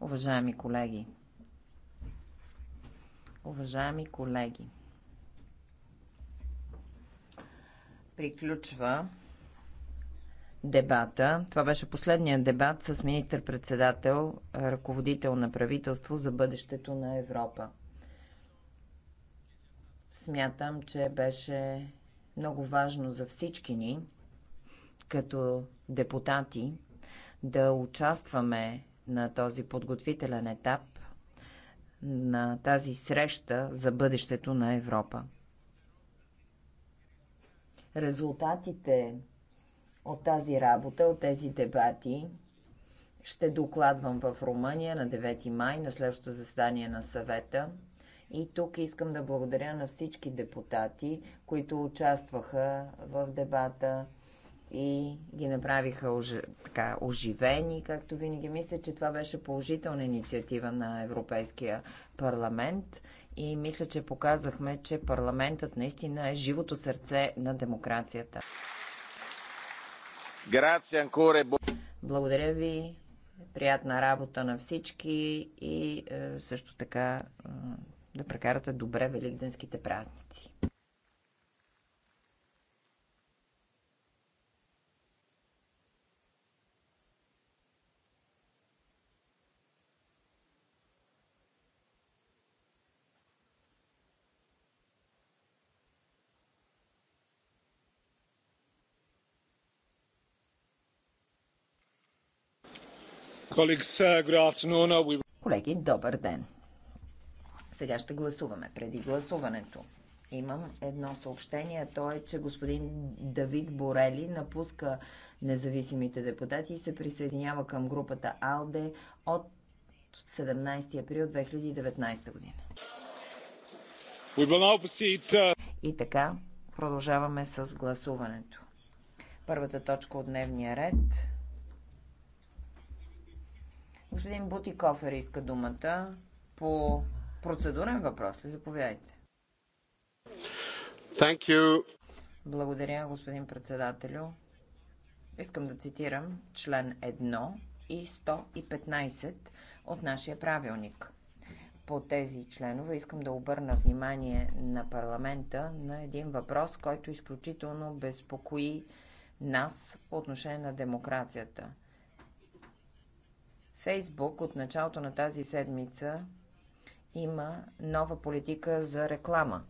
Уважаеми колеги, уважаеми колеги, приключва дебата. Това беше последният дебат с министър-председател, ръководител на правителство за бъдещето на Европа. Смятам, че беше много важно за всички ни, като депутати, да участваме на този подготвителен етап на тази среща за бъдещето на Европа. Резултатите от тази работа, от тези дебати, ще докладвам в Румъния на 9 май на следващото заседание на съвета – и тук искам да благодаря на всички депутати, които участваха в дебата и ги направиха ож... така, оживени, както винаги. Мисля, че това беше положителна инициатива на Европейския парламент и мисля, че показахме, че парламентът наистина е живото сърце на демокрацията. Благодаря ви, приятна работа на всички и е, също така да прекарате добре великденските празници. Uh, uh, Колеги, добър ден! Сега ще гласуваме. Преди гласуването имам едно съобщение. То е, че господин Давид Борели напуска независимите депутати и се присъединява към групата АЛДЕ от 17 април 2019 година. И така, продължаваме с гласуването. Първата точка от дневния ред. Господин Бутикофер иска думата по Процедурен въпрос ли? Заповядайте. Thank you. Благодаря, господин председателю. Искам да цитирам член 1 и 115 от нашия правилник. По тези членове искам да обърна внимание на парламента на един въпрос, който изключително безпокои нас по отношение на демокрацията. Фейсбук от началото на тази седмица има нова политика за реклама.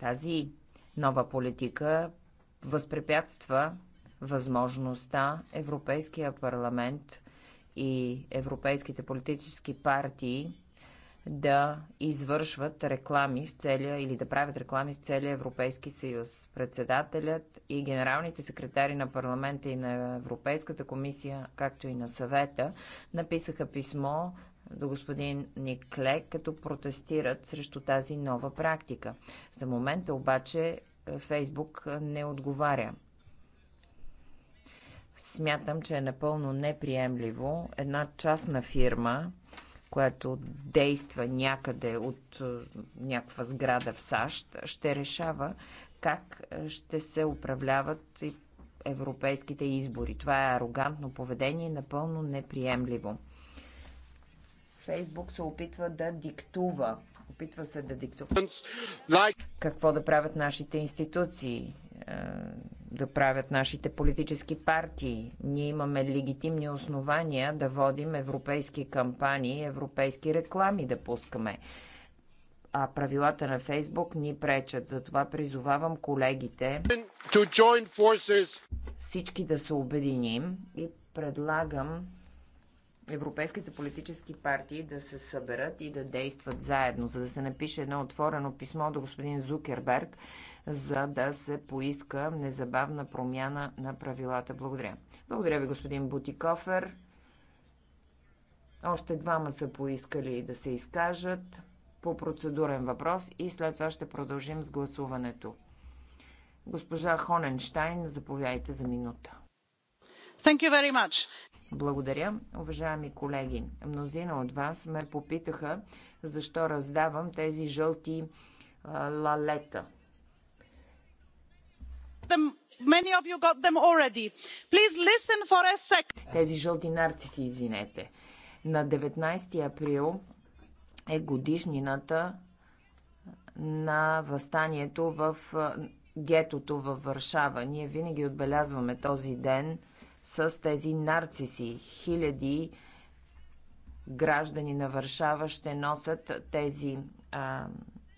Тази нова политика възпрепятства възможността Европейския парламент и европейските политически партии да извършват реклами в целия или да правят реклами в целия Европейски съюз. Председателят и генералните секретари на парламента и на Европейската комисия, както и на съвета, написаха писмо до господин Никле, като протестират срещу тази нова практика. За момента обаче е, Фейсбук е, не отговаря. Смятам, че е напълно неприемливо една частна фирма, която действа някъде от е, някаква сграда в САЩ, ще решава как ще се управляват европейските избори. Това е арогантно поведение и напълно неприемливо. Фейсбук се опитва да диктува. Опитва се да диктува. Какво да правят нашите институции? Е, да правят нашите политически партии. Ние имаме легитимни основания да водим европейски кампании, европейски реклами да пускаме. А правилата на Фейсбук ни пречат. Затова призовавам колегите всички да се обединим и предлагам европейските политически партии да се съберат и да действат заедно, за да се напише едно отворено писмо до господин Зукерберг, за да се поиска незабавна промяна на правилата. Благодаря. Благодаря ви, господин Бутикофер. Още двама са поискали да се изкажат по процедурен въпрос и след това ще продължим с гласуването. Госпожа Хоненштайн, заповядайте за минута. Thank you very much. Благодаря, уважаеми колеги. Мнозина от вас ме попитаха защо раздавам тези жълти а, лалета. Тези жълти нарциси, извинете. На 19 април е годишнината на възстанието в гетото във Варшава. Ние винаги отбелязваме този ден – с тези нарциси. Хиляди граждани на Варшава ще носят тези а,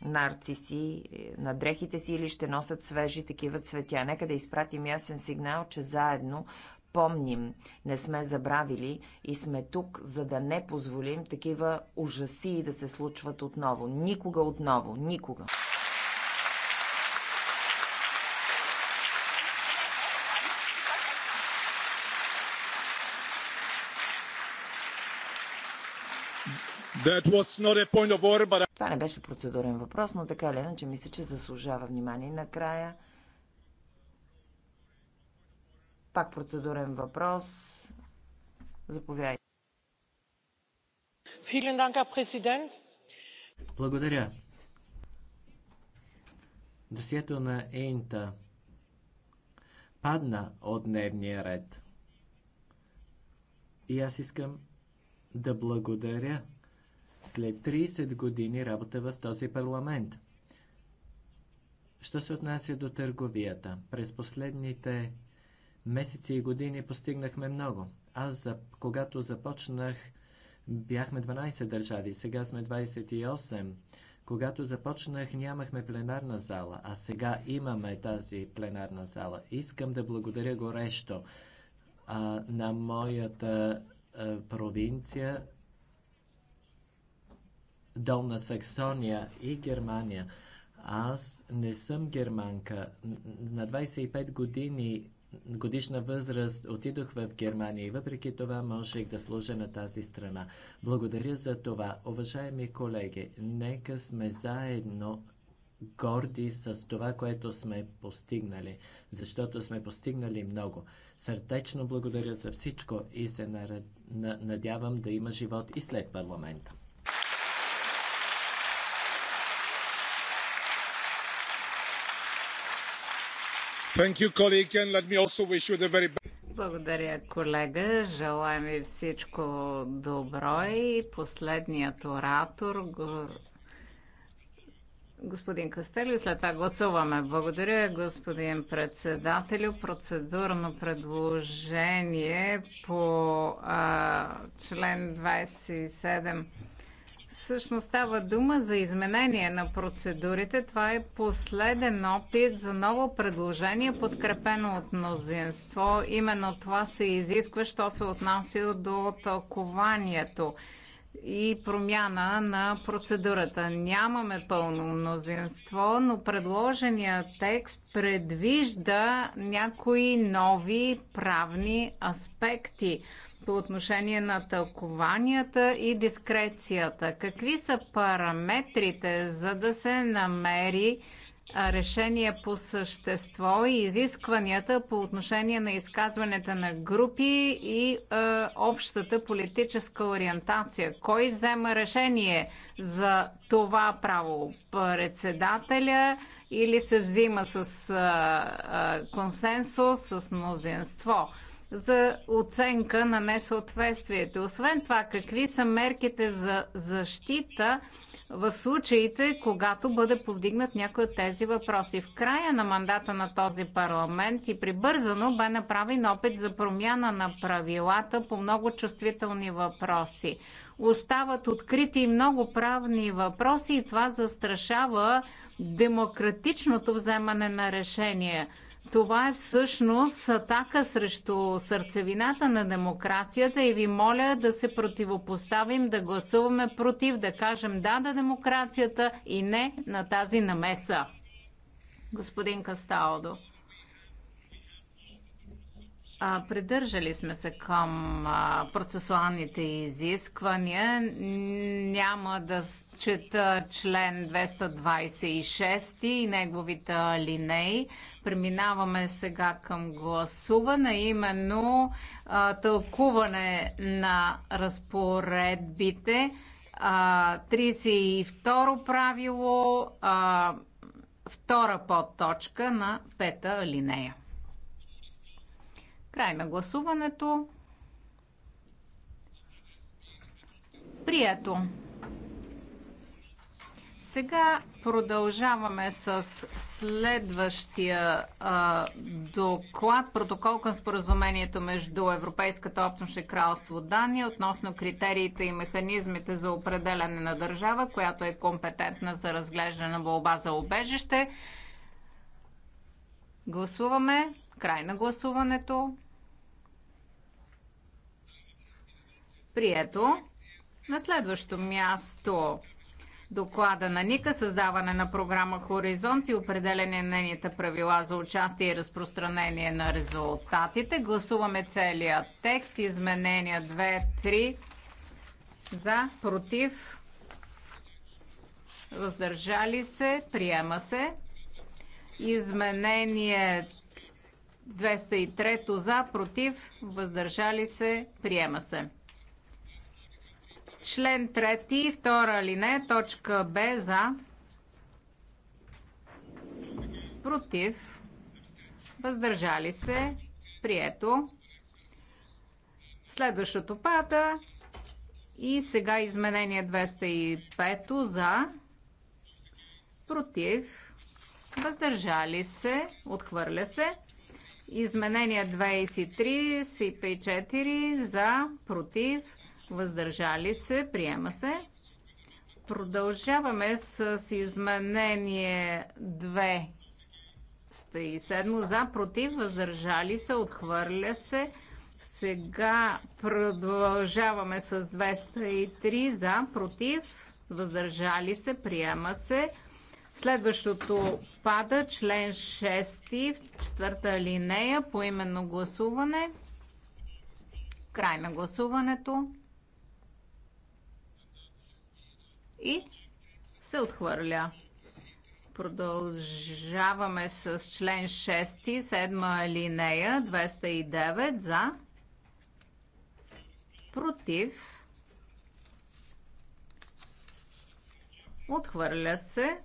нарциси е, на дрехите си или ще носят свежи такива цветя. Нека да изпратим ясен сигнал, че заедно помним, не сме забравили и сме тук, за да не позволим такива ужаси да се случват отново. Никога отново, никога. Order, but... Това не беше процедурен въпрос, но така ли иначе мисля, че заслужава внимание. Накрая пак процедурен въпрос. Заповядайте. Благодаря. Досието на Ейнта падна от дневния ред. И аз искам да благодаря след 30 години работа в този парламент. Що се отнася до търговията? През последните месеци и години постигнахме много. Аз, за, когато започнах, бяхме 12 държави, сега сме 28. Когато започнах, нямахме пленарна зала, а сега имаме тази пленарна зала. Искам да благодаря горещо а, на моята а, провинция Долна Саксония и Германия. Аз не съм германка. На 25 години годишна възраст отидох в Германия и въпреки това можех да служа на тази страна. Благодаря за това. Уважаеми колеги, нека сме заедно горди с това, което сме постигнали, защото сме постигнали много. Сърдечно благодаря за всичко и се надявам да има живот и след парламента. Благодаря, колега. Желаем ви всичко добро и последният оратор, господин Кастелю, след това гласуваме. Благодаря, господин председателю. Процедурно предложение по а, член 27 Всъщност става дума за изменение на процедурите. Това е последен опит за ново предложение, подкрепено от мнозинство. Именно това се изисква, що се отнася до тълкованието и промяна на процедурата. Нямаме пълно мнозинство, но предложения текст предвижда някои нови правни аспекти по отношение на тълкованията и дискрецията. Какви са параметрите, за да се намери решение по същество и изискванията по отношение на изказването на групи и е, общата политическа ориентация. Кой взема решение за това право? Председателя или се взима с е, е, консенсус, с мнозинство? за оценка на несъответствието. Освен това, какви са мерките за защита в случаите, когато бъде повдигнат някой от тези въпроси. В края на мандата на този парламент и прибързано бе направен опит за промяна на правилата по много чувствителни въпроси. Остават открити много правни въпроси и това застрашава демократичното вземане на решения. Това е всъщност атака срещу сърцевината на демокрацията и ви моля да се противопоставим, да гласуваме против, да кажем да на демокрацията и не на тази намеса. Господин Касталдо. А, придържали сме се към а, процесуалните изисквания. Няма да чета член 226 и неговите линеи. Преминаваме сега към гласуване, именно а, тълкуване на разпоредбите. А, 32 правило, а, втора подточка на пета линея. Край на гласуването. Прието. Сега продължаваме с следващия а, доклад, протокол към споразумението между Европейската общност и кралство Дания относно критериите и механизмите за определяне на държава, която е компетентна за разглеждане на болба за обежище. Гласуваме. Край на гласуването. Прието. На следващо място доклада на Ника, създаване на програма Хоризонт и определене на нейните правила за участие и разпространение на резултатите. Гласуваме целият текст, изменения 2-3 за, против, въздържали се, приема се. Изменение 203 за, против, въздържали се, приема се. Член 3, втора линия, точка Б за. Против. Въздържали се. Прието. Следващото пада. И сега изменение 205 за. Против. Въздържали се. Отхвърля се. Изменение 23, СИП 4 за. Против въздържали се, приема се. Продължаваме с изменение 207 за, против, въздържали се, отхвърля се. Сега продължаваме с 203 за, против, въздържали се, приема се. Следващото пада член 6, четвърта линея, по именно гласуване. Край на гласуването. и се отхвърля. Продължаваме с член 6, 7 линея, 209 за, против, отхвърля се.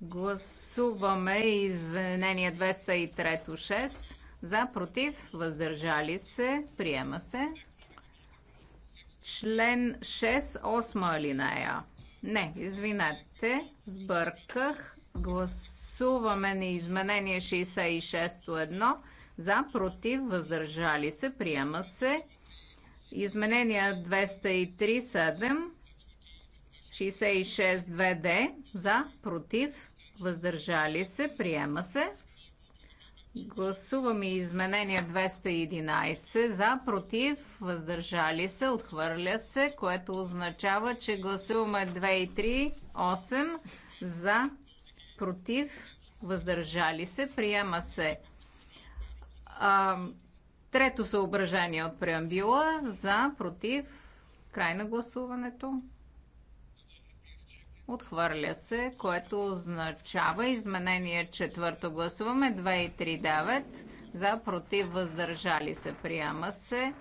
Гласуваме извинение 203 6 за, против, въздържали се, приема се. Член 6, 8 алинея. Не, извинете, сбърках. Гласуваме на изменение 66.1. За, против, въздържали се, приема се. Изменение 203.7. 66.2D. За, против, въздържали се, приема се. Гласуваме изменение 211 за, против, въздържали се, отхвърля се, което означава, че гласуваме 2 и 3, 8 за, против, въздържали се, приема се. А, трето съображение от преамбила за, против, край на гласуването. Отхвърля се, което означава изменение четвърто. Гласуваме 2,39 за, против, въздържали се, приема се.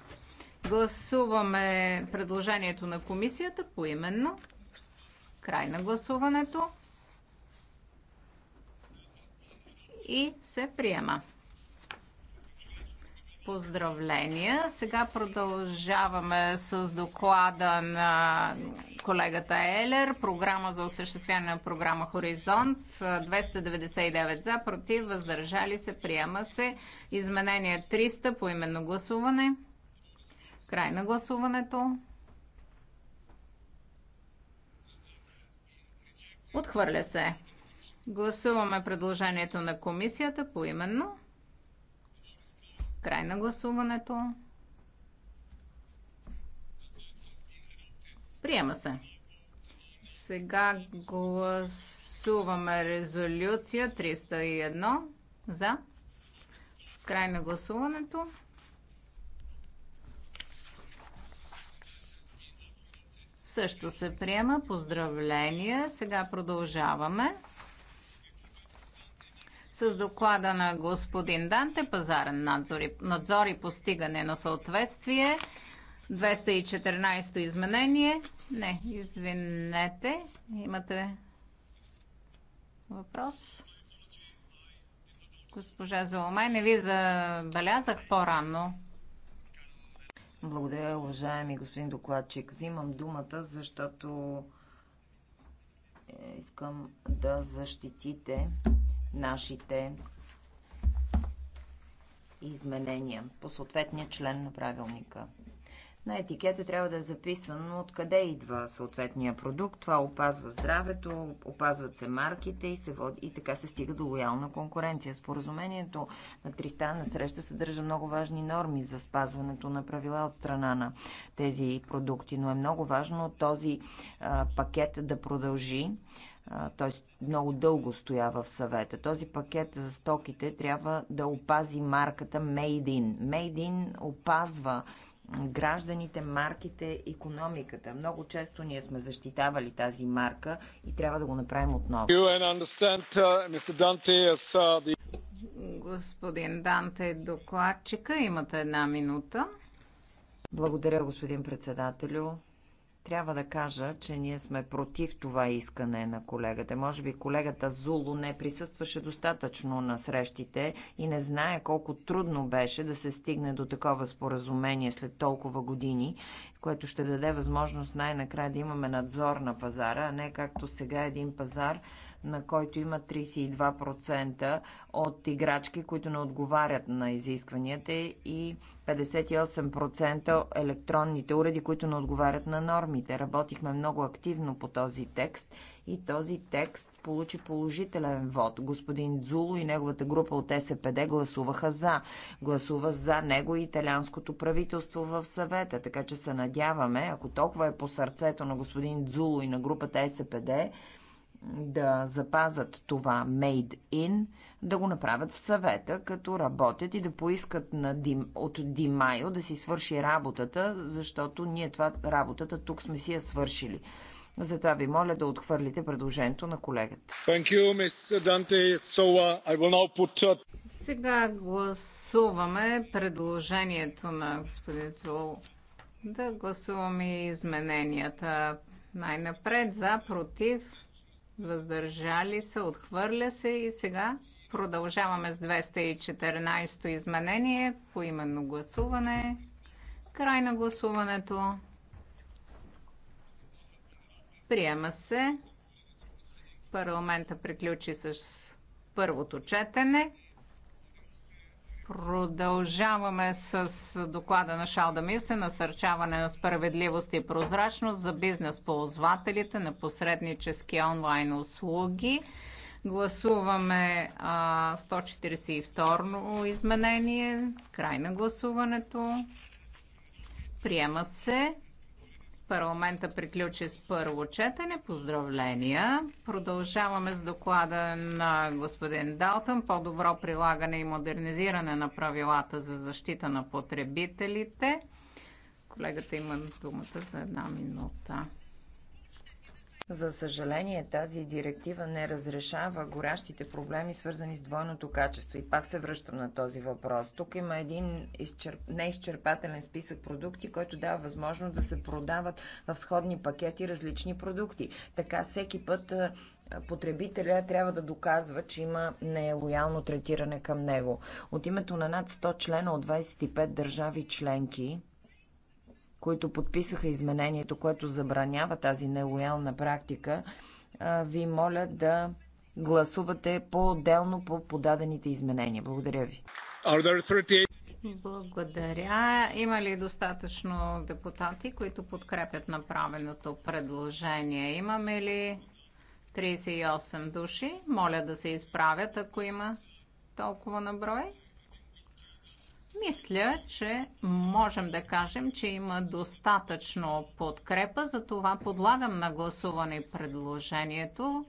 Гласуваме предложението на комисията поименно. Край на гласуването. И се приема. Поздравления. Сега продължаваме с доклада на колегата Елер. Програма за осъществяване на програма Хоризонт. 299 за, против, въздържали се, приема се. Изменение 300 по именно гласуване. Край на гласуването. Отхвърля се. Гласуваме предложението на комисията по именно. Край на гласуването. Приема се. Сега гласуваме резолюция 301 за. Край на гласуването. Също се приема. Поздравления. Сега продължаваме. С доклада на господин Данте, пазарен надзор и, надзор и постигане на съответствие, 214 изменение. Не, извинете, имате въпрос. Госпожа Золомай, не ви забелязах по-рано. Благодаря, уважаеми господин докладчик. Взимам думата, защото е, искам да защитите нашите изменения по съответния член на правилника. На етикета трябва да е записвано откъде идва съответния продукт. Това опазва здравето, опазват се марките и, се води, и така се стига до лоялна конкуренция. Споразумението на тристранна среща съдържа много важни норми за спазването на правила от страна на тези продукти, но е много важно този а, пакет да продължи той много дълго стоя в съвета. Този пакет за стоките трябва да опази марката Made in. Made in опазва гражданите, марките, економиката. Много често ние сме защитавали тази марка и трябва да го направим отново. Uh, господин Данте, е докладчика, имате една минута. Благодаря, господин председателю трябва да кажа, че ние сме против това искане на колегата. Може би колегата Зулу не присъстваше достатъчно на срещите и не знае колко трудно беше да се стигне до такова споразумение след толкова години, което ще даде възможност най-накрая да имаме надзор на пазара, а не както сега един пазар, на който има 32% от играчки, които не отговарят на изискванията и 58% електронните уреди, които не отговарят на нормите. Работихме много активно по този текст и този текст получи положителен вод. Господин Дзуло и неговата група от СПД гласуваха за. Гласува за него и италианското правителство в съвета. Така че се надяваме, ако толкова е по сърцето на господин Дзуло и на групата СПД, да запазат това made in, да го направят в съвета, като работят и да поискат на Дим, от Димайо да си свърши работата, защото ние това работата тук сме си я свършили. Затова ви моля да отхвърлите предложението на колегата. Сега гласуваме предложението на господин Соло. Да гласуваме измененията. Най-напред за, против, въздържали се, отхвърля се и сега продължаваме с 214 изменение, по именно гласуване, край на гласуването, приема се, парламента приключи с първото четене. Продължаваме с доклада на Шалда Милсе, насърчаване на справедливост и прозрачност за бизнес ползвателите на посреднически онлайн услуги. Гласуваме а, 142 изменение. Край на гласуването. Приема се. Парламента приключи с първо четене. Поздравления! Продължаваме с доклада на господин Далтън. По-добро прилагане и модернизиране на правилата за защита на потребителите. Колегата има думата за една минута. За съжаление, тази директива не разрешава горящите проблеми, свързани с двойното качество. И пак се връщам на този въпрос. Тук има един изчерп... неизчерпателен списък продукти, който дава възможност да се продават в сходни пакети различни продукти. Така всеки път потребителя трябва да доказва, че има нелоялно третиране към него. От името на над 100 члена от 25 държави членки, които подписаха изменението, което забранява тази нелоялна практика, ви моля да гласувате по-отделно по подадените изменения. Благодаря ви. Благодаря. Има ли достатъчно депутати, които подкрепят направеното предложение? Имаме ли 38 души? Моля да се изправят, ако има толкова на брой. Мисля, че можем да кажем, че има достатъчно подкрепа, за това подлагам на гласуване предложението.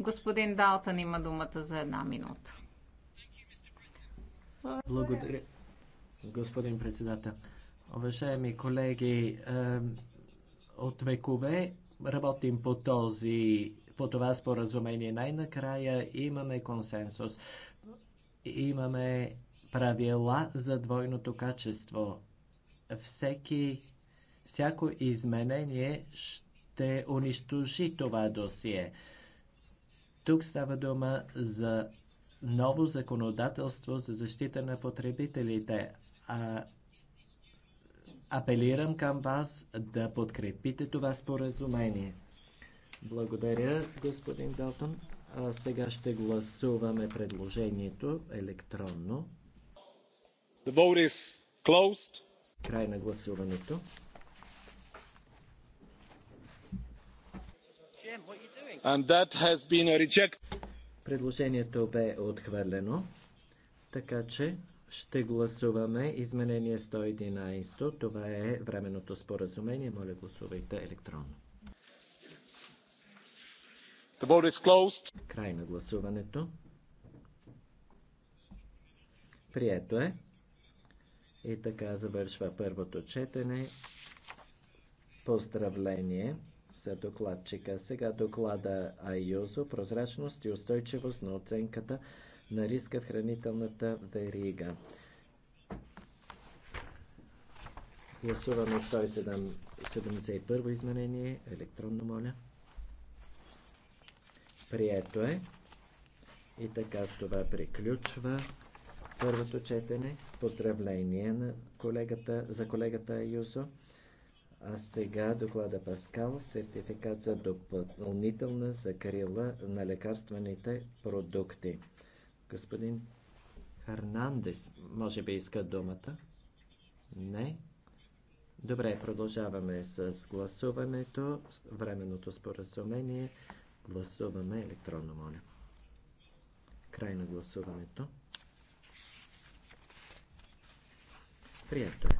Господин Далтън има думата за една минута. Благодаря, господин председател. Уважаеми колеги, от векове работим по този по това споразумение. Най-накрая имаме консенсус. Имаме правила за двойното качество. Всеки, всяко изменение ще унищожи това досие. Тук става дума за ново законодателство за защита на потребителите. А, апелирам към вас да подкрепите това споразумение. Благодаря, господин Далтон. А сега ще гласуваме предложението електронно. The vote is closed. Край на гласуването. And that has been rejected. Предложението бе отхвърлено, така че ще гласуваме изменение 111. Това е временното споразумение. Моля, гласувайте електронно. The vote is closed. Край на гласуването. Прието е. И така завършва първото четене. Поздравление за докладчика. Сега доклада Айозо прозрачност и устойчивост на оценката на риска в хранителната верига. Гласуваме 171 изменение, електронно моля. Прието е. И така с това приключва първото четене. Поздравление на колегата, за колегата Аюзо. А сега доклада Паскал, сертификат за допълнителна закрила на лекарствените продукти. Господин Хернандес, може би иска думата? Не. Добре, продължаваме с гласуването. Временното споразумение. Гласуваме електронно, моля. Край на гласуването. Прието е.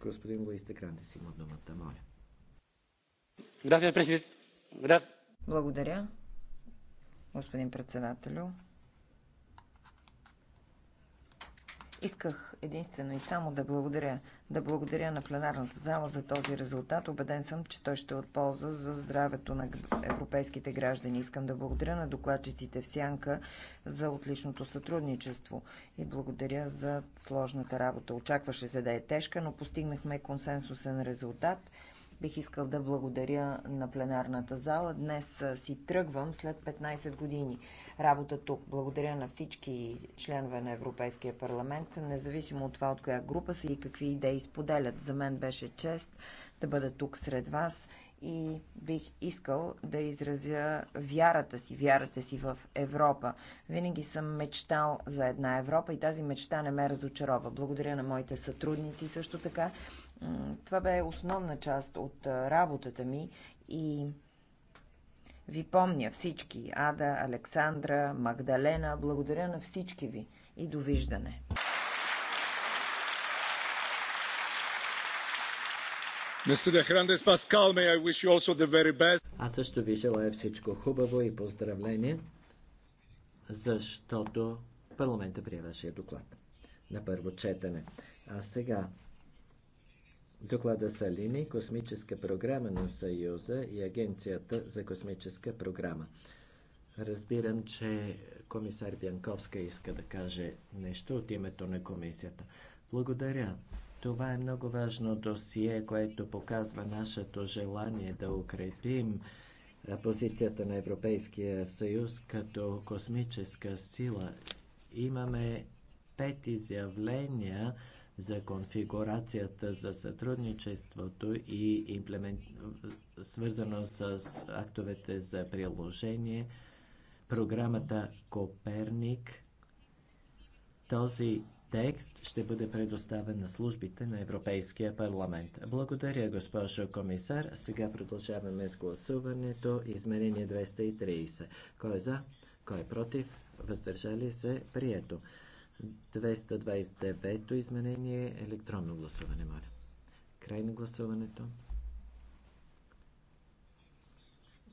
Господин Луис си има думата, моля. Благодаря, господин председателю. Исках единствено и само да благодаря. Да благодаря на пленарната зала за този резултат. Обеден съм, че той ще е от полза за здравето на европейските граждани. Искам да благодаря на докладчиците в Сянка за отличното сътрудничество и благодаря за сложната работа. Очакваше се да е тежка, но постигнахме консенсусен резултат Бих искал да благодаря на пленарната зала. Днес си тръгвам след 15 години работа тук. Благодаря на всички членове на Европейския парламент, независимо от това от коя група са и какви идеи споделят. За мен беше чест да бъда тук сред вас и бих искал да изразя вярата си, вярата си в Европа. Винаги съм мечтал за една Европа и тази мечта не ме разочарова. Благодаря на моите сътрудници също така това бе основна част от работата ми и ви помня всички. Ада, Александра, Магдалена, благодаря на всички ви и довиждане. Аз също ви желая всичко хубаво и поздравление, защото парламента прие вашия доклад на първо четене. А сега Доклада са ЛИНИ космическа програма на Съюза и Агенцията за космическа програма. Разбирам, че комисар Бянковска иска да каже нещо от името на комисията. Благодаря. Това е много важно досие, което показва нашето желание да укрепим позицията на Европейския съюз като космическа сила. Имаме пет изявления за конфигурацията за сътрудничеството и имплемент... свързано с актовете за приложение, програмата Коперник. Този текст ще бъде предоставен на службите на Европейския парламент. Благодаря, госпожо комисар. Сега продължаваме с гласуването. Изменение 230. Кой е за? Кой е против? Въздържали се? Прието. 229-то изменение електронно гласуване, моля. Край на гласуването.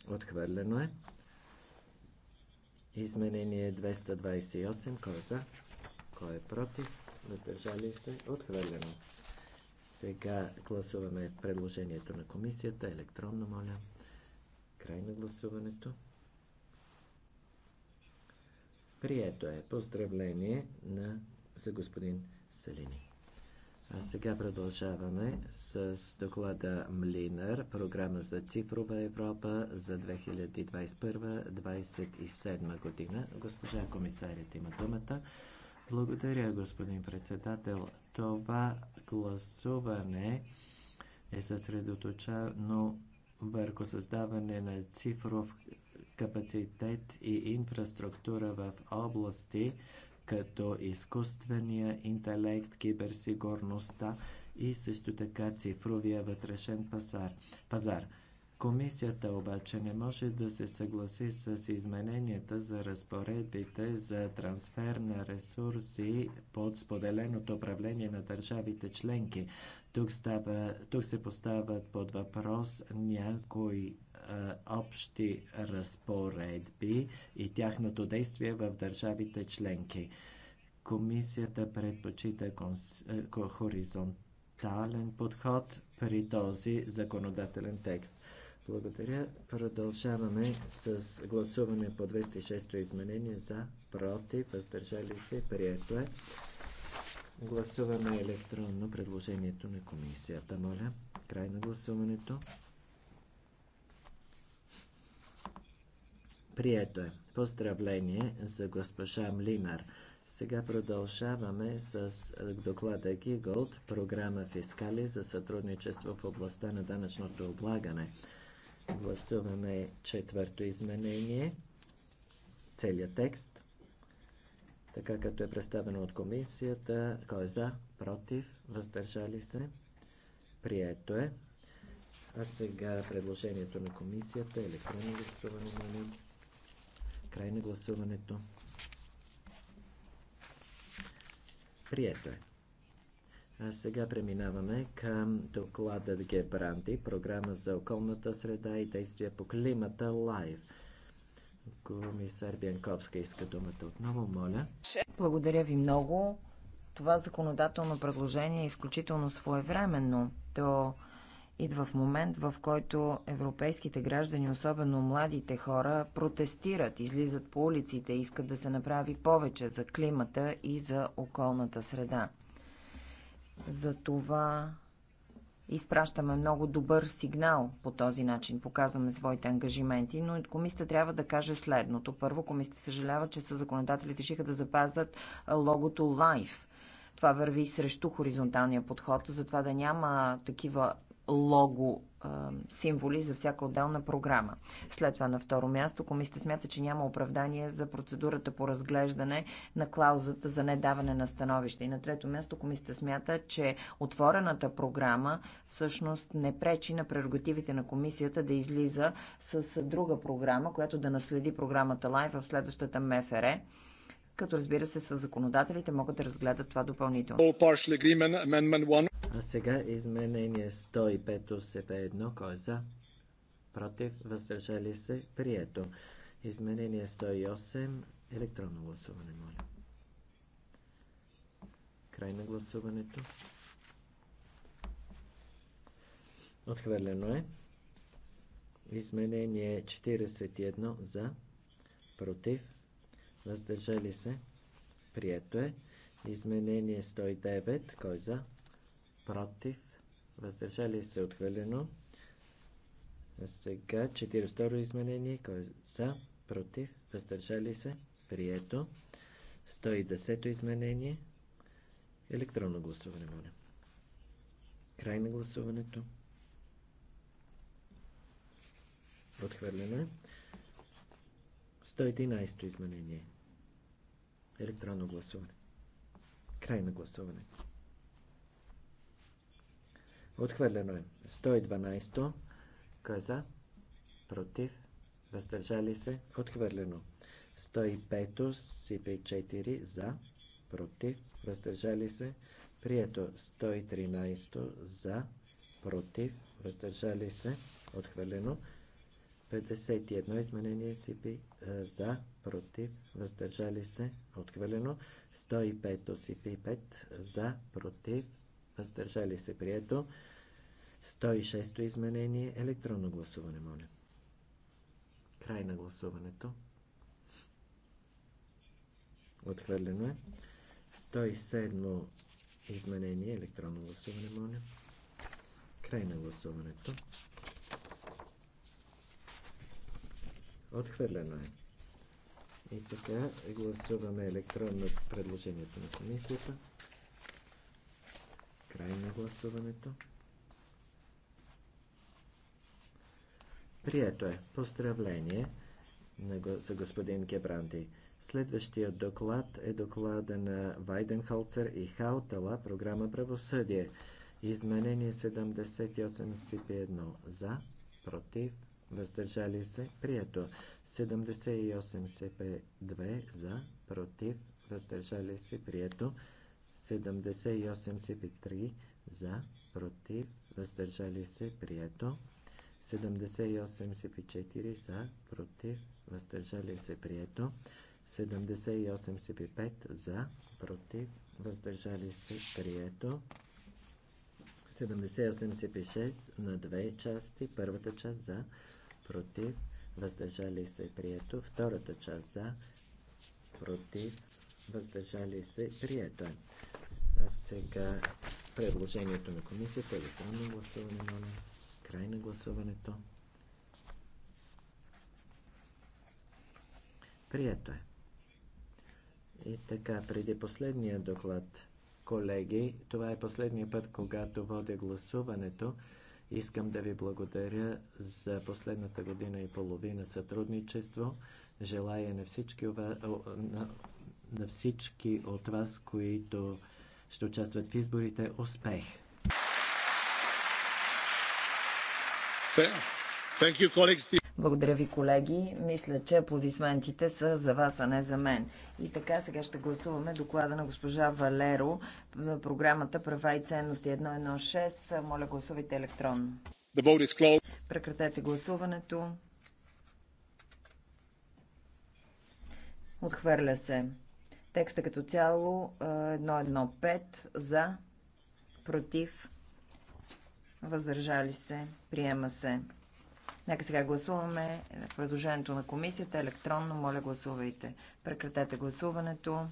Отхвърлено е. Изменение 228. Кой е за? Кой е против? Въздържали се? Отхвърлено. Сега гласуваме предложението на комисията. Електронно, моля. Край на гласуването. Прието е. Поздравление на, за господин Салини. А сега продължаваме с доклада Млинар, програма за цифрова Европа за 2021-2027 година. Госпожа комисарят има думата. Благодаря, господин председател. Това гласуване е съсредоточено върху създаване на цифров капацитет и инфраструктура в области като изкуствения интелект, киберсигурността и също така цифровия вътрешен пазар. пазар. Комисията обаче не може да се съгласи с измененията за разпоредбите за трансфер на ресурси под споделеното управление на държавите членки. Тук, става, тук се поставят под въпрос някои е, общи разпоредби и тяхното действие в държавите членки. Комисията предпочита конс... Е, хоризонтален подход при този законодателен текст. Благодаря. Продължаваме с гласуване по 206-то изменение за против, въздържали се, прието е. Гласуваме електронно предложението на комисията. Моля, край на гласуването. Прието е. Поздравление за госпожа Млинар. Сега продължаваме с доклада Гиголд, програма Фискали за сътрудничество в областта на данъчното облагане. Гласуваме четвърто изменение, целият текст, така като е представено от комисията. Кой е за? Против? Въздържали се? Прието е. А сега предложението на комисията, електронно гласуване, моля. Край на гласуването. Прието е. А сега преминаваме към доклада Гебранди, програма за околната среда и действия по климата Лайв. Комисар Бянковска иска думата отново, моля. Благодаря ви много. Това законодателно предложение е изключително своевременно. То Идва в момент, в който европейските граждани, особено младите хора, протестират, излизат по улиците, искат да се направи повече за климата и за околната среда. Затова изпращаме много добър сигнал по този начин, показваме своите ангажименти, но комисията трябва да каже следното. Първо, комисията съжалява, че са законодателите решиха да запазят логото LIFE. Това върви срещу хоризонталния подход, затова да няма такива лого символи за всяка отделна програма. След това на второ място комисията смята, че няма оправдание за процедурата по разглеждане на клаузата за недаване на становище. И на трето място комисията смята, че отворената програма всъщност не пречи на прерогативите на комисията да излиза с друга програма, която да наследи програмата Live в следващата МФР като разбира се с законодателите могат да разгледат това допълнително. А сега изменение 105 сп 1 кой е за? Против, въздържали се, прието. Изменение 108, електронно гласуване, моля. Край на гласуването. Отхвърлено е. Изменение 41 за, против, въздържали се, прието е. Изменение 109, кой за, против, въздържали се, отхвърлено. Сега 42 изменение, кой за, против, въздържали се, прието. 110 изменение, електронно гласуване, моля. Край на гласуването. Отхвърлено е. 111 изменение. Електронно гласуване. Край на гласуване. Отхвърлено е. 112. Кой е за? Против? Въздържали се? Отхвърлено. 105. CP4. За? Против? Въздържали се? Прието. 113. За? Против? Въздържали се? Отхвърлено. 51 изменение CP е, за, против, въздържали се, отхвърлено. 105 до CP5 за, против, въздържали се, прието. 106 изменение електронно гласуване, моля. Край на гласуването. Отхвърлено е. 107 изменение електронно гласуване, моля. Край на гласуването. Отхвърлено е. И така гласуваме електронно предложението на комисията. Край на гласуването. Прието е. Поздравление за господин Кебранди. Следващият доклад е доклада на Вайденхолцер и Хаутала, програма Правосъдие. Изменение 78 CP1. За, против, въздържали се, прието. 78 СП2 за, против, въздържали се, прието. 78 СП3 за, против, въздържали се, прието. 78 СП4 за, против, въздържали се, прието. 78 СП5 за, против, въздържали се, прието. 78 СП6 на две части, първата част за, против, въздържали се, прието. Втората част за, против, въздържали се, прието е. А сега предложението на комисията, е електронно гласуване, моля, край на гласуването. Прието е. И така, преди последния доклад, колеги, това е последния път, когато водя гласуването. Искам да ви благодаря за последната година и половина сътрудничество. Желая на всички, на, на всички от вас, които ще участват в изборите, успех! Thank you, colleagues. Благодаря ви, колеги. Мисля, че аплодисментите са за вас, а не за мен. И така, сега ще гласуваме доклада на госпожа Валеро, програмата Права и ценности 116. Моля, гласувайте електронно. Прекратете гласуването. Отхвърля се. Текста като цяло 1.1.5 е, за, против, въздържали се, приема се. Нека сега гласуваме предложението на комисията електронно. Моля, гласувайте. Прекратете гласуването.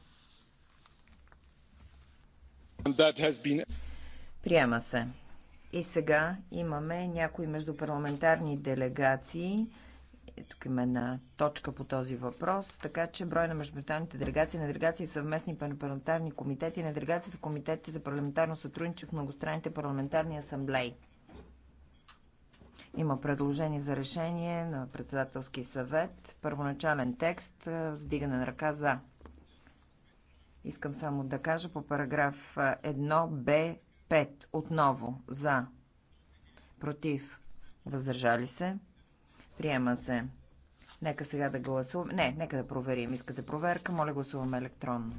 Been... Приема се. И сега имаме някои междупарламентарни делегации. Е, тук има една точка по този въпрос, така че брой на междупарламентарните делегации, на делегации в съвместни парламентарни комитети, на делегации в комитетите за парламентарно сътрудничество в многостранните парламентарни асамблеи. Има предложение за решение на председателски съвет. Първоначален текст е, с дигане на ръка за. Искам само да кажа по параграф 1 е, Б 5 отново за. Против. Въздържали се. Приема се. Нека сега да гласуваме. Не, нека да проверим. Искате проверка? Моля гласуваме електронно.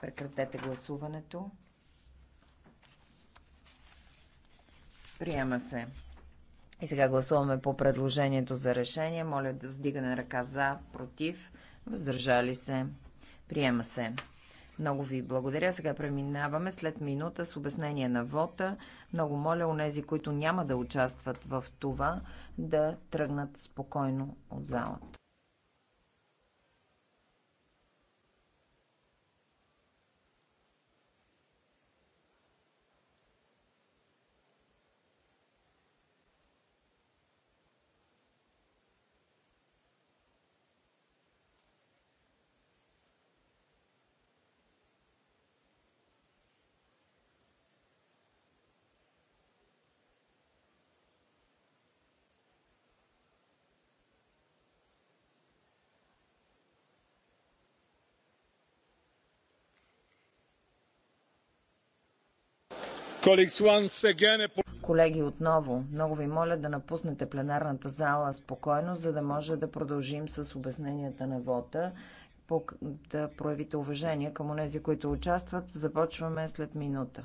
Прекратете гласуването. Приема се. И сега гласуваме по предложението за решение. Моля да вздигане ръка за, против, въздържали се. Приема се. Много ви благодаря. Сега преминаваме след минута с обяснение на вота. Много моля у нези, които няма да участват в това, да тръгнат спокойно от залата. Колеги, отново, много ви моля да напуснете пленарната зала спокойно, за да може да продължим с обясненията на вота, да проявите уважение към онези, които участват. Започваме след минута.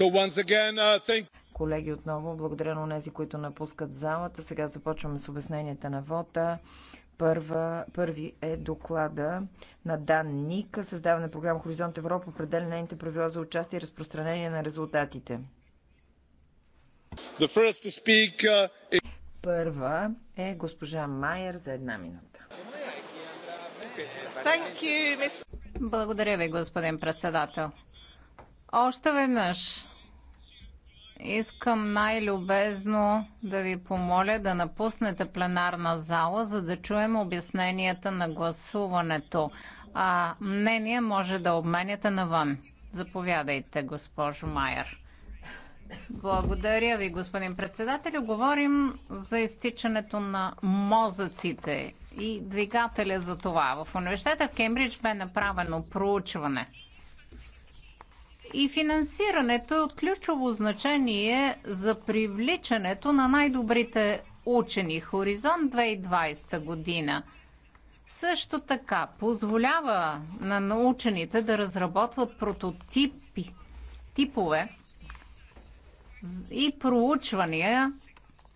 Uh, Колеги, отново благодаря на тези, които напускат залата. Сега започваме с обясненията на вота. Първа, първи е доклада на Дан Ник, създаване на програма Хоризонт Европа, определя нейните правила за участие и разпространение на резултатите. Speak, uh... Първа е госпожа Майер за една минута. You, Благодаря ви, господин председател. Още веднъж Искам най-любезно да ви помоля да напуснете пленарна зала, за да чуем обясненията на гласуването. А мнение може да обменяте навън. Заповядайте, госпожо Майер. Благодаря ви, господин председател. Говорим за изтичането на мозъците и двигателя за това. В университета в Кембридж бе направено проучване – и финансирането е от ключово значение за привличането на най-добрите учени. Хоризонт 2020 година също така позволява на научените да разработват прототипи, типове и проучвания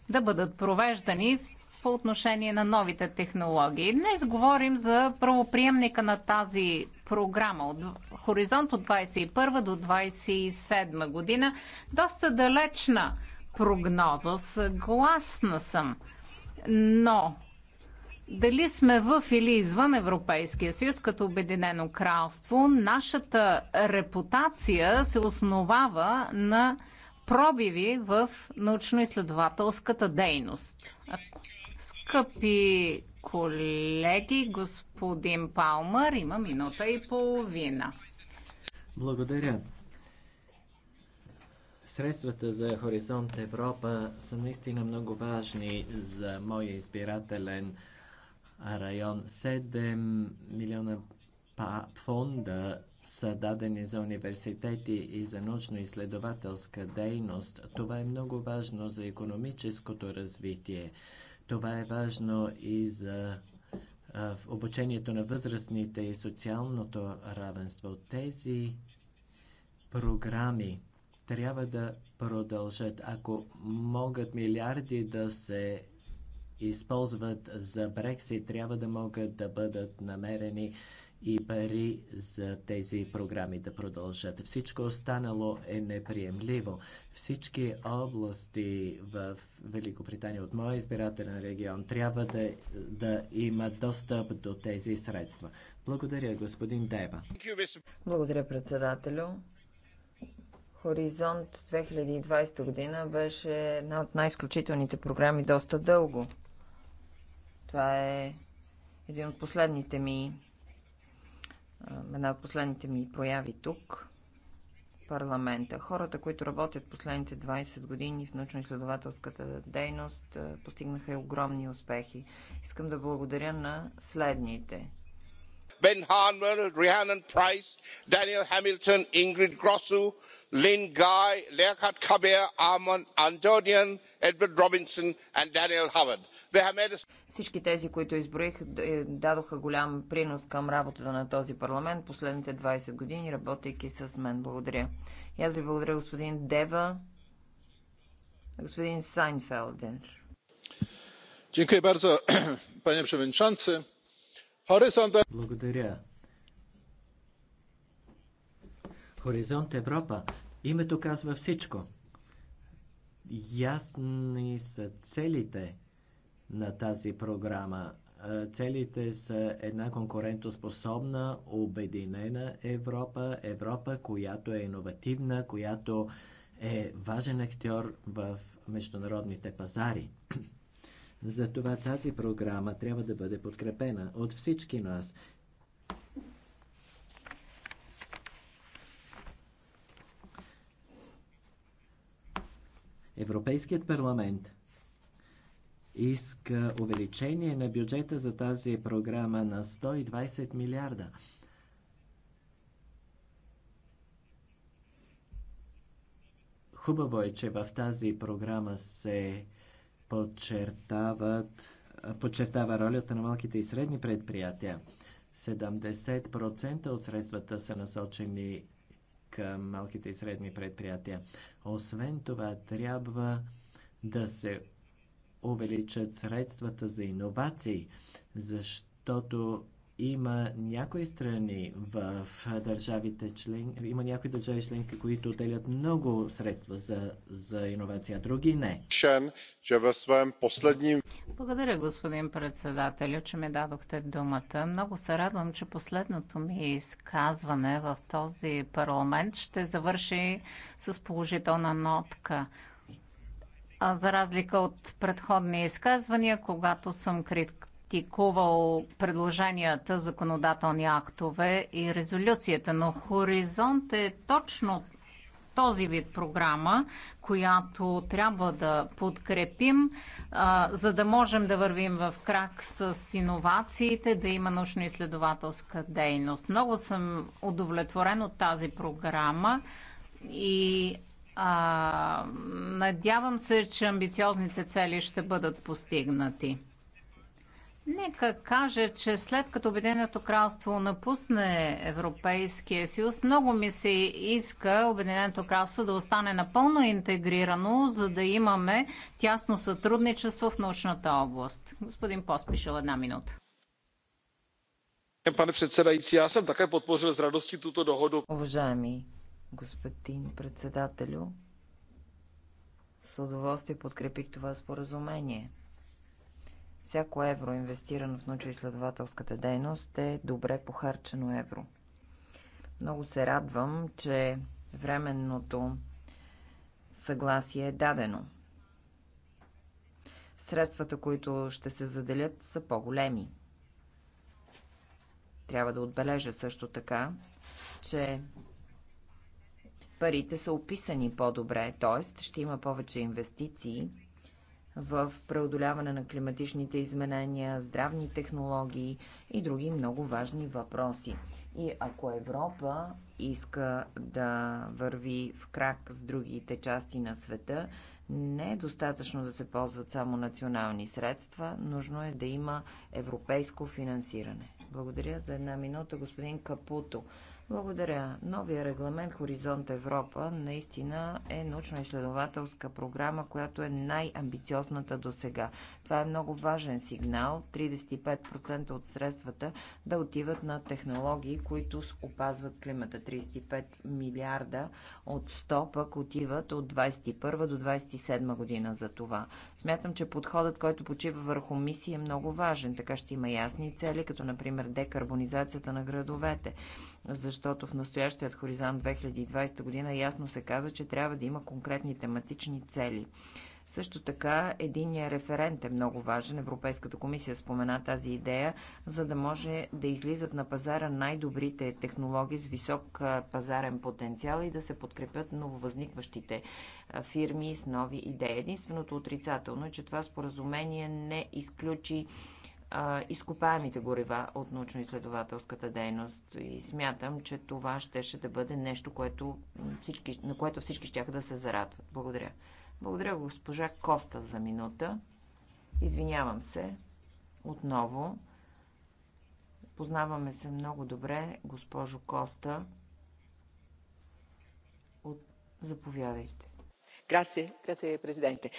да бъдат провеждани в по отношение на новите технологии. Днес говорим за правоприемника на тази програма от хоризонт от 21 до 27 година. Доста далечна прогноза, съгласна съм. Но дали сме в или извън Европейския съюз като Обединено кралство, нашата репутация се основава на пробиви в научно-изследователската дейност. Скъпи колеги, господин Палмър има минута и половина. Благодаря. Средствата за Хоризонт Европа са наистина много важни за моя избирателен район. 7 милиона фонда са дадени за университети и за научно-изследователска дейност. Това е много важно за економическото развитие. Това е важно и за в обучението на възрастните и социалното равенство. Тези програми трябва да продължат. Ако могат милиарди да се използват за Брексит, трябва да могат да бъдат намерени и пари за тези програми да продължат. Всичко останало е неприемливо. Всички области в Великобритания от моя избирателен регион трябва да, да имат достъп до тези средства. Благодаря, господин Дева. Благодаря, председателю. Хоризонт 2020 година беше една от най-изключителните програми доста дълго. Това е един от последните ми една от последните ми прояви тук, парламента. Хората, които работят последните 20 години в научно-изследователската дейност, постигнаха и огромни успехи. Искам да благодаря на следните – ben harmer rhiannon price daniel hamilton ingrid grosso lynn guy liaquat kabir arman andonian edward robinson and daniel howard. Всички тези, които изброих, е, дадоха голям принос към работата на този парламент последните 20 години, работейки с мен. Благодаря. И аз ви благодаря, господин Дева, господин Сайнфелдер. Благодаря, bardzo, panie przewodniczący! Благодаря. Хоризонт Европа. Името казва всичко. Ясни са целите на тази програма. Е, целите са една конкурентоспособна, обединена Европа, Европа, която е иновативна, която е важен актьор в международните пазари. Затова тази програма трябва да бъде подкрепена от всички нас. Европейският парламент иска увеличение на бюджета за тази програма на 120 милиарда. Хубаво е, че в тази програма се подчертават, подчертава ролята на малките и средни предприятия. 70% от средствата са насочени към малките и средни предприятия. Освен това, трябва да се увеличат средствата за иновации, защото има някои страни в държавите член, има някои държави членки, които отделят много средства за, за иновация, други не. Благодаря, господин председател, че ми дадохте думата. Много се радвам, че последното ми изказване в този парламент ще завърши с положителна нотка за разлика от предходни изказвания, когато съм крит, практикувал предложенията, законодателни актове и резолюцията, но Хоризонт е точно този вид програма, която трябва да подкрепим, а, за да можем да вървим в крак с иновациите, да има научно-изследователска дейност. Много съм удовлетворен от тази програма и а, надявам се, че амбициозните цели ще бъдат постигнати. Нека кажа, че след като Обединеното кралство напусне Европейския съюз, много ми се иска Обединеното кралство да остане напълно интегрирано, за да имаме тясно сътрудничество в научната област. Господин Поспишел, една минута. Пане председайци, аз съм така подпожил с радости туто доходу. Уважаеми господин председателю, с удоволствие подкрепих това споразумение. Всяко евро, инвестирано в научно-изследователската дейност, е добре похарчено евро. Много се радвам, че временното съгласие е дадено. Средствата, които ще се заделят, са по-големи. Трябва да отбележа също така, че парите са описани по-добре, т.е. ще има повече инвестиции – в преодоляване на климатичните изменения, здравни технологии и други много важни въпроси. И ако Европа иска да върви в крак с другите части на света, не е достатъчно да се ползват само национални средства, нужно е да има европейско финансиране. Благодаря за една минута, господин Капуто. Благодаря. Новия регламент Хоризонт Европа наистина е научно-изследователска програма, която е най-амбициозната до сега. Това е много важен сигнал 35% от средствата да отиват на технологии, които опазват климата. 35 милиарда от 100 пък отиват от 21 до 27 година за това. Смятам, че подходът, който почива върху мисия, е много важен. Така ще има ясни цели, като например декарбонизацията на градовете. За защото в настоящият хоризонт 2020 година ясно се каза, че трябва да има конкретни тематични цели. Също така, единният референт е много важен. Европейската комисия спомена тази идея, за да може да излизат на пазара най-добрите технологии с висок пазарен потенциал и да се подкрепят нововъзникващите фирми с нови идеи. Единственото отрицателно е, че това споразумение не изключи изкопаемите горива от научно-изследователската дейност. И смятам, че това щеше да бъде нещо, което всички, на което всички ще да се зарадват. Благодаря. Благодаря госпожа Коста за минута. Извинявам се отново. Познаваме се много добре, госпожо Коста. От... Заповядайте. Grazie, grazie Presidente.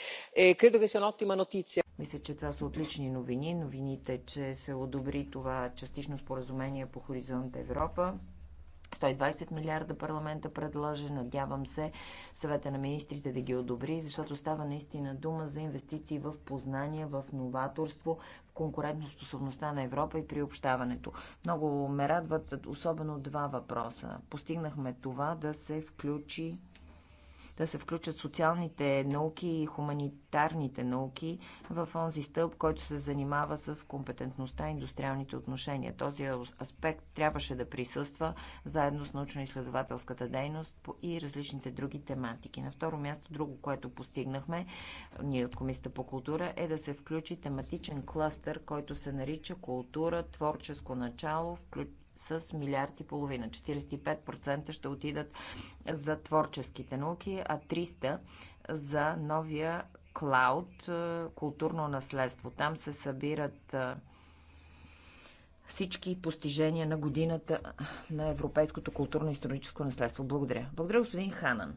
Eh, credo che sia un'ottima notizia. Мисля, че това са отлични новини. Новините, че се одобри това частично споразумение по Хоризонт Европа. 120 милиарда парламента предложи. Надявам се съвета на министрите да ги одобри, защото става наистина дума за инвестиции в познание, в новаторство, в конкурентоспособността на Европа и приобщаването. Много ме радват особено два въпроса. Постигнахме това да се включи да се включат социалните науки и хуманитарните науки в онзи стълб, който се занимава с компетентността и индустриалните отношения. Този аспект трябваше да присъства заедно с научно-изследователската дейност и различните други тематики. На второ място, друго, което постигнахме ние от Комисията по култура, е да се включи тематичен клъстър, който се нарича култура, творческо начало, включително с милиард и половина. 45% ще отидат за творческите науки, а 300 за новия клауд е, културно наследство. Там се събират е, всички постижения на годината на европейското културно-историческо наследство. Благодаря. Благодаря, господин Ханан.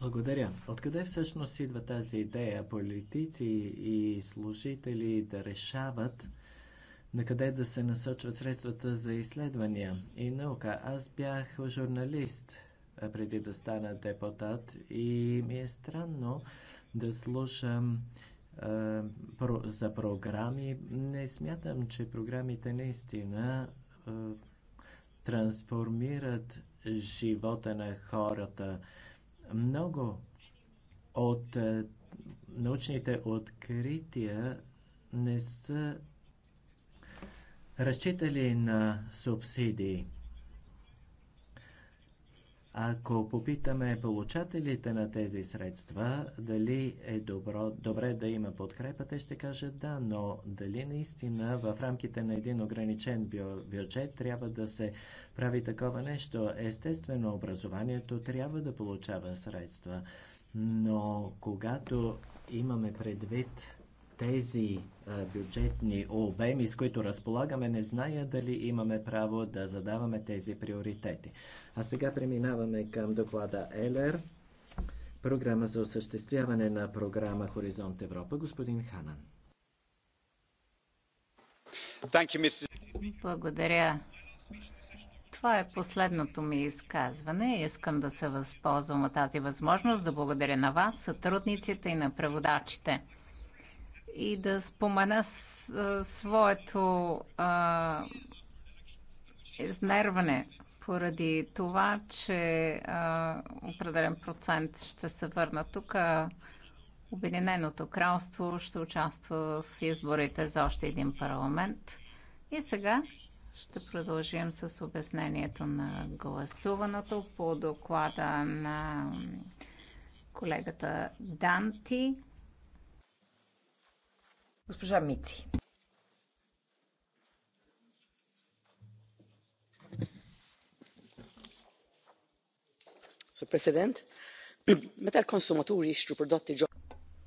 Благодаря. Откъде всъщност идва тази идея политици и служители да решават на къде да се насочват средствата за изследвания и наука? Аз бях журналист преди да стана депутат и ми е странно да слушам е, про, за програми. Не смятам, че програмите наистина е, трансформират живота на хората. Много от е, научните открития не са разчитали на субсидии. Ако попитаме получателите на тези средства дали е добро, добре да има подкрепа, те ще кажат да, но дали наистина в рамките на един ограничен бюджет трябва да се прави такова нещо? Естествено, образованието трябва да получава средства, но когато имаме предвид тези бюджетни обеми, с които разполагаме, не зная дали имаме право да задаваме тези приоритети. А сега преминаваме към доклада Елер, програма за осъществяване на програма Хоризонт Европа. Господин Ханан. Благодаря. Това е последното ми изказване. Искам да се възползвам от тази възможност да благодаря на вас, сътрудниците и на преводачите и да спомена своето а, изнерване поради това, че а, определен процент ще се върна тук. Обединеното кралство ще участва в изборите за още един парламент. И сега ще продължим с обяснението на гласуването по доклада на колегата Данти. Госпожа Мици.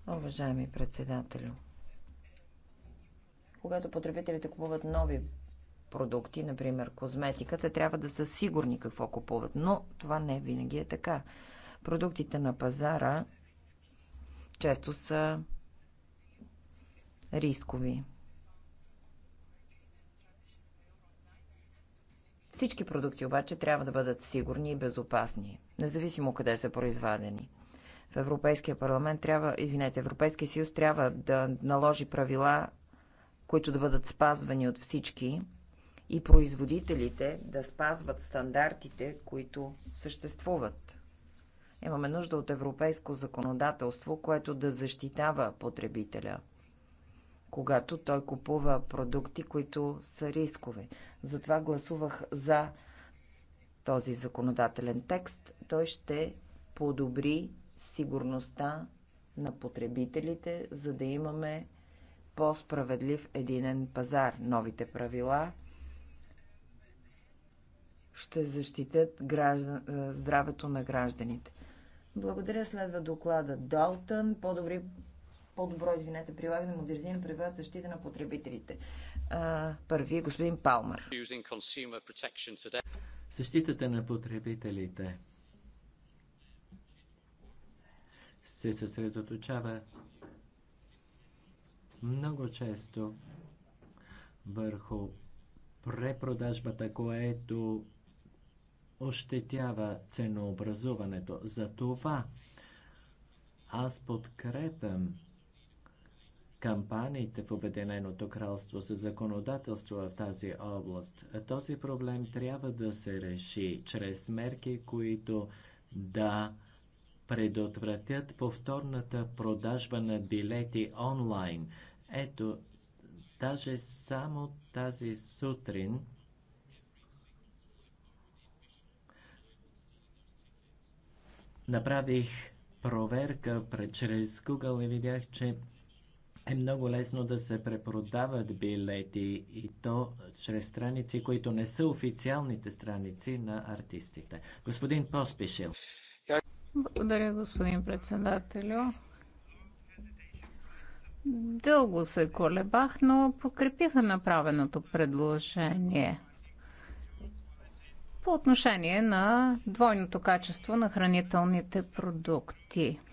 Уважаеми председателю, когато потребителите купуват нови продукти, например козметика, те трябва да са сигурни какво купуват, но това не винаги е така. Продуктите на пазара често са рискови. Всички продукти обаче трябва да бъдат сигурни и безопасни, независимо къде са произведени. В Европейския парламент трябва, извинете, Европейския съюз трябва да наложи правила, които да бъдат спазвани от всички и производителите да спазват стандартите, които съществуват. Имаме нужда от европейско законодателство, което да защитава потребителя – когато той купува продукти, които са рискове. Затова гласувах за този законодателен текст. Той ще подобри сигурността на потребителите, за да имаме по-справедлив единен пазар. Новите правила ще защитят граждан... Е, здравето на гражданите. Благодаря. Следва доклада Далтън. По-добри по-добро, извинете, прилагане, модернизиране, правила за защита на потребителите. А, първи е господин Палмър. Защитата на потребителите се съсредоточава много често върху препродажбата, което ощетява ценообразуването. Затова аз подкрепям кампаниите в Обединеното кралство за законодателство в тази област. Този проблем трябва да се реши чрез мерки, които да предотвратят повторната продажба на билети онлайн. Ето, даже само тази сутрин направих проверка пред, чрез Google и видях, че е много лесно да се препродават билети и то чрез страници, които не са официалните страници на артистите. Господин Поспишил. Благодаря, господин председателю. Дълго се колебах, но подкрепиха направеното предложение по отношение на двойното качество на хранителните продукти –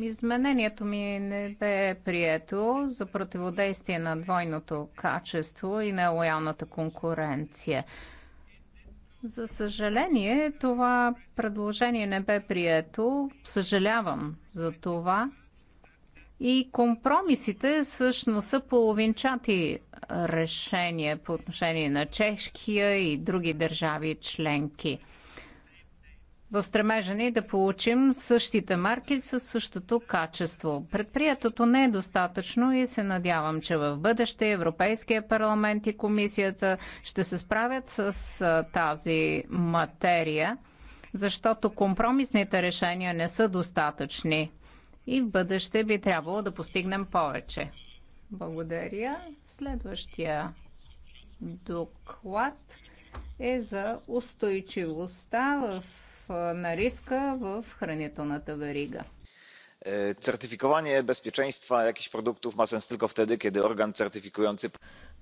Изменението ми не бе прието за противодействие на двойното качество и нелоялната конкуренция. За съжаление, това предложение не бе прието. Съжалявам за това. И компромисите всъщност са половинчати решения по отношение на Чешкия и други държави членки в стремежа ни да получим същите марки с същото качество. Предприятото не е достатъчно и се надявам, че в бъдеще Европейския парламент и комисията ще се справят с тази материя, защото компромисните решения не са достатъчни и в бъдеще би трябвало да постигнем повече. Благодаря. Следващия доклад е за устойчивостта в е, на риска в хранителната верига. Certyfikowanie bezpieczeństwa jakichś produktów ma sens tylko wtedy, kiedy organ certyfikujący.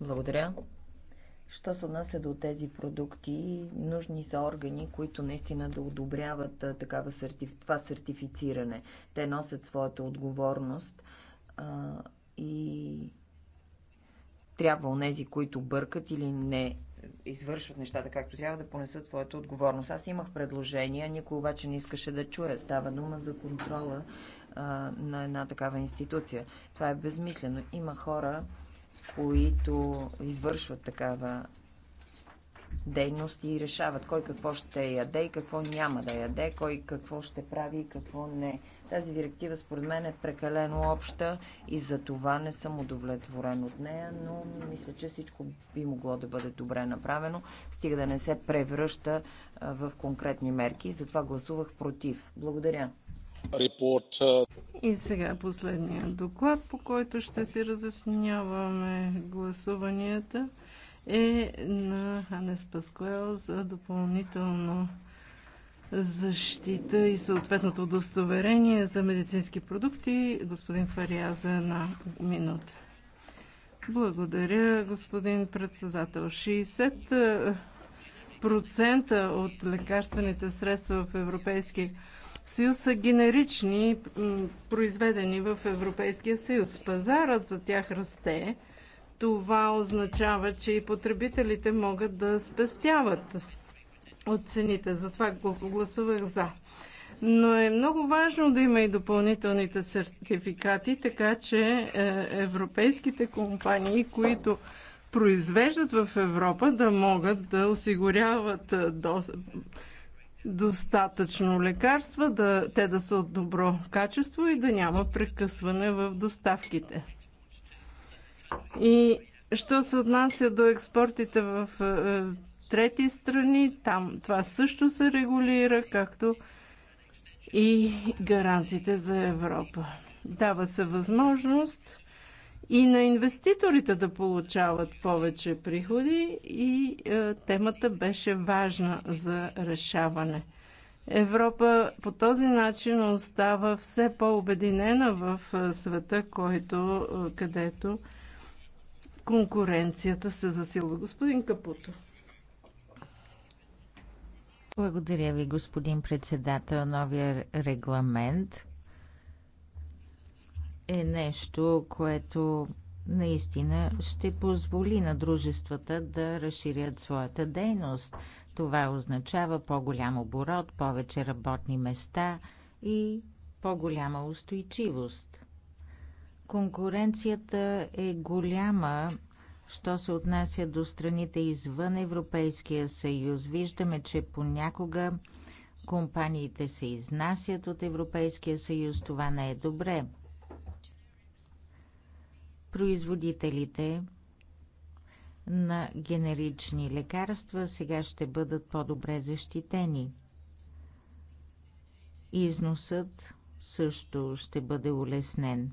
Благодаря. Що се отнася до тези продукти, нужни са органи, които наистина да одобряват е, такава сертиф... това сертифициране. Те носят своята отговорност а, и трябва нези, които бъркат или не извършват нещата както трябва, да понесат своята отговорност. Аз имах предложения, никой обаче не искаше да чуе. Става дума за контрола а, на една такава институция. Това е безмислено. Има хора, които извършват такава дейност и решават кой какво ще яде и какво няма да яде, кой какво ще прави и какво не. Тази директива според мен е прекалено обща и за това не съм удовлетворен от нея, но мисля, че всичко би могло да бъде добре направено, стига да не се превръща в конкретни мерки. Затова гласувах против. Благодаря. Репорт. И сега последния доклад, по който ще си разясняваме гласуванията е на Ханес Паскуел за допълнително защита и съответното удостоверение за медицински продукти. Господин Фария за една минута. Благодаря, господин председател. 60% от лекарствените средства в Европейския съюз са генерични, произведени в Европейския съюз. Пазарът за тях расте. Това означава, че и потребителите могат да спестяват от цените. Затова го гласувах за. Но е много важно да има и допълнителните сертификати, така че е, европейските компании, които произвеждат в Европа, да могат да осигуряват е, достатъчно лекарства, да, те да са от добро качество и да няма прекъсване в доставките. И що се отнася до експортите в е, трети страни. Там това също се регулира, както и гаранциите за Европа. Дава се възможност и на инвеститорите да получават повече приходи и е, темата беше важна за решаване. Европа по този начин остава все по-обединена в е, света, който, е, където конкуренцията се засилва. Господин Капуто. Благодаря ви, господин председател. Новия регламент е нещо, което наистина ще позволи на дружествата да разширят своята дейност. Това означава по-голям оборот, повече работни места и по-голяма устойчивост. Конкуренцията е голяма Що се отнася до страните извън Европейския съюз, виждаме, че понякога компаниите се изнасят от Европейския съюз. Това не е добре. Производителите на генерични лекарства сега ще бъдат по-добре защитени. Износът също ще бъде улеснен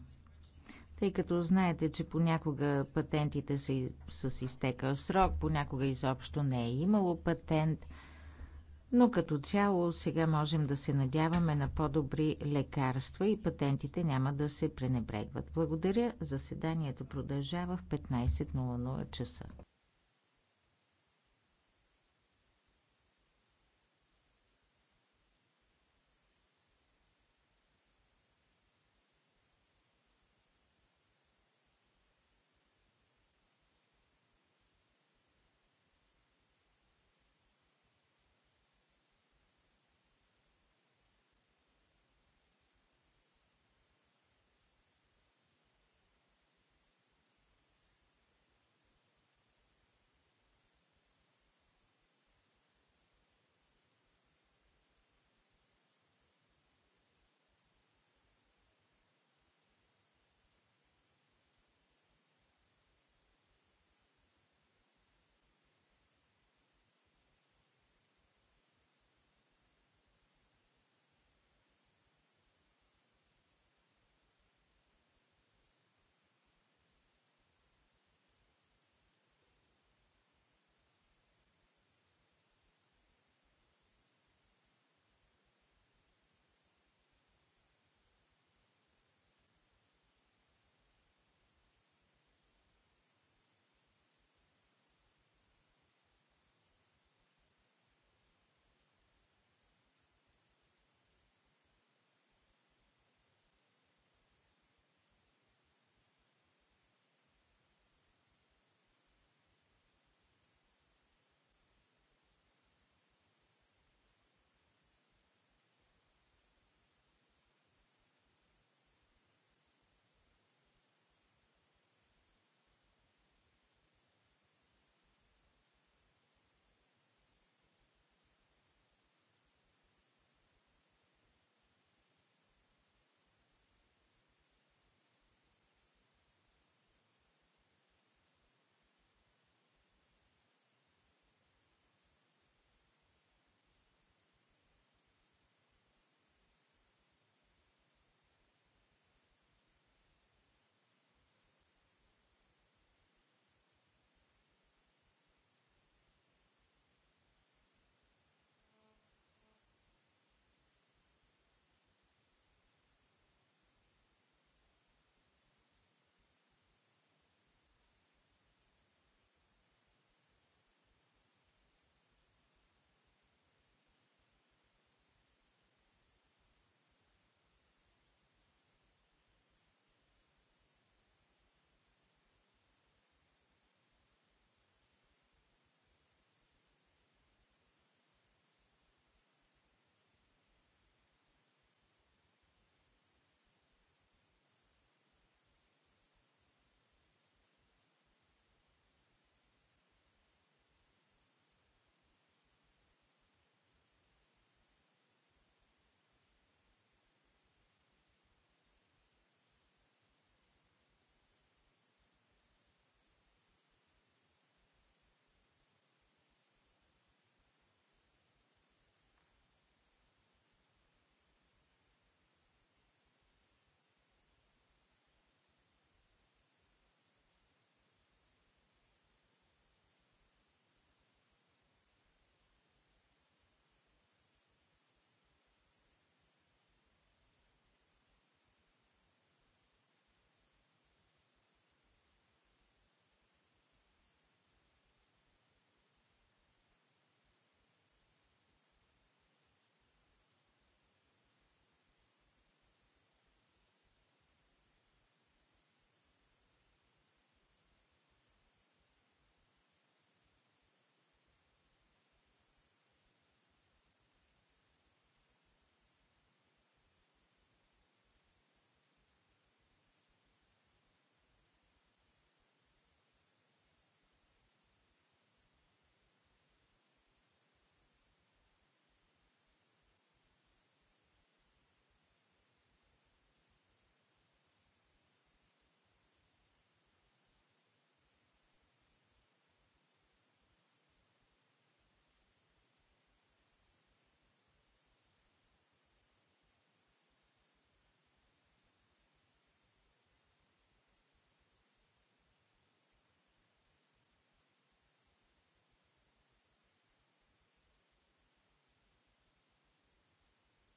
тъй като знаете, че понякога патентите са с изтекал срок, понякога изобщо не е имало патент, но като цяло сега можем да се надяваме на по-добри лекарства и патентите няма да се пренебрегват. Благодаря. Заседанието продължава в 15.00 часа.